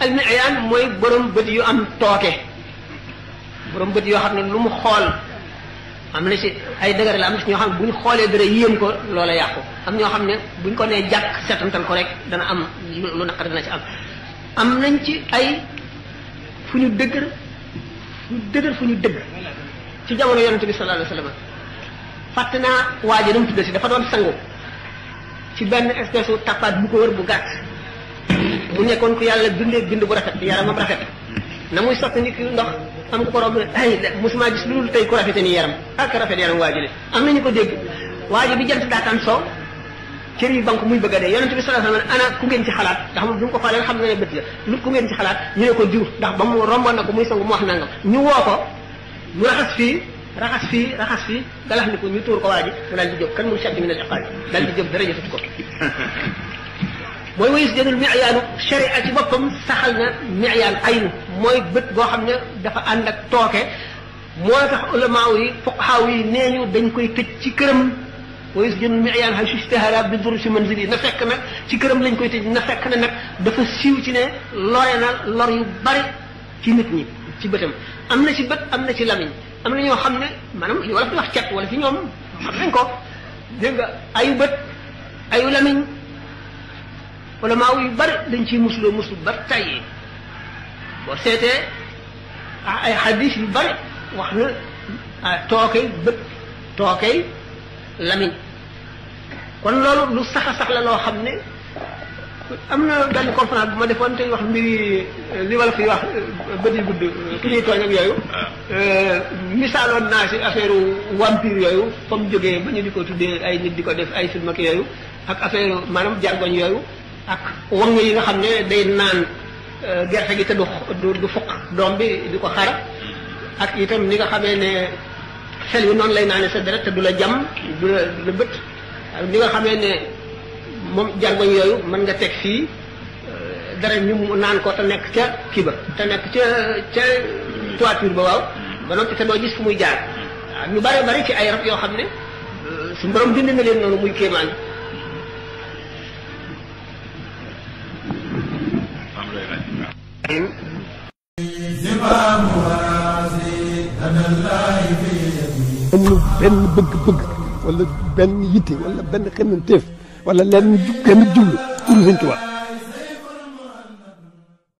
ay almiyaan mooy borom bët yu am tooke borom bët yoo xam ne lu mu xool am na ci ay dëgër la am na si ñoo xam ne bu ñu xoolee dara yéen ko loola yàqu am ñoo xam ne bu ñu ko nee jàkk setantal ko rek dana am lu naqar dana ci am am nañ ci ay fu ñu dëgër fu ñu dëgër fu ñu dëgg ci jamono yonente bi sallallahu alayhi wasallam fàtte naa waajo nu mu dafa doon sangu ci benn espèce u tappaat bu ko wër bu gàtt mu nekkoon ku yàlla bindee bind bu rafet yaramam rafet na muy sotti nit ki ndox am ko roog ay musuma gis lu dul tey ku rafete nii yaram ak rafet yaram waa ji le am nañu ko dégg waa ji bi jant daataan soow cër yi banque muy bëgg a dee yonente bi sallallahu alayhi wasallam ana ku ngeen ci xalaat ndax moom bi mu ko xoolee xam na ne bët la lu ku ngeen ci xalaat ñu ne ko diw ndax ba mu romboon na ko muy sangu mu wax nangam ñu woo ko mu raxas fii raxas fii raxas fii galax ni ko ñu tuur ko waa ji mu daal di jóg kan mu satti min al iqaab daal di jóg dara jëfatu ko moy wayus denul miyaanu sharia ci bopam saxal na miyaan aynu moy bëtt bo xamne dafa ànd ak toke moo tax ulama yi fuqaha yi neñu dañ koy tecc ci këram wayus denul miyaan xay sustahara bi dur si manzili na fekk na ci kërëm lañ koy tecc na fekk na nak dafa siiw ci ne lore na lor yu bari ci nit ñi ci bëttam amna ci bëtt amna ci lamiñ amna na ñoo xam ne wala fi wax ciat wala fi ñoom xam nañ ko deug nga ayu bët ayu lamiñ ulamaa yu bari dañ ciy musloo muslu ba tey boo seetee ah, ay xadis yu bari wax na ah, tookay bët tookay lamiñ kon loolu lu sax a sax la loo xam ne am na benn conférence bu ma defoon tey wax mbiri euh, li wala fi wax euh, bët yi gudd euh, ki ñuy tooñ ak yooyu misaaloon naa si affaire vampire yooyu fa jógee ba ñu di ko tuddee ay nit di ko def ay film ak yooyu ak affaire maanaam jargoñ yooyu ak wang yi nga xam ne day naan euh, gerte gi te du du fukk doom bi di ko xara ak itam ni nga xame ne sel yu noonu lay naane sa deret te du la jam du la du bët ni nga xamee ne moom jargoñ yooyu mën nga teg fii euh, dara ñu naan ko te nekk ca kii ba te nekk ca ca toiture ba waaw ba noppi te doo gis fu muy jaar waaw ñu bare bari ci ay rab yoo xam ne euh, su borom bind na leen noonu muy kéemaan الرحيم ولا بن يتي ولا بن خنتيف ولا لن جن جل كل هنتوا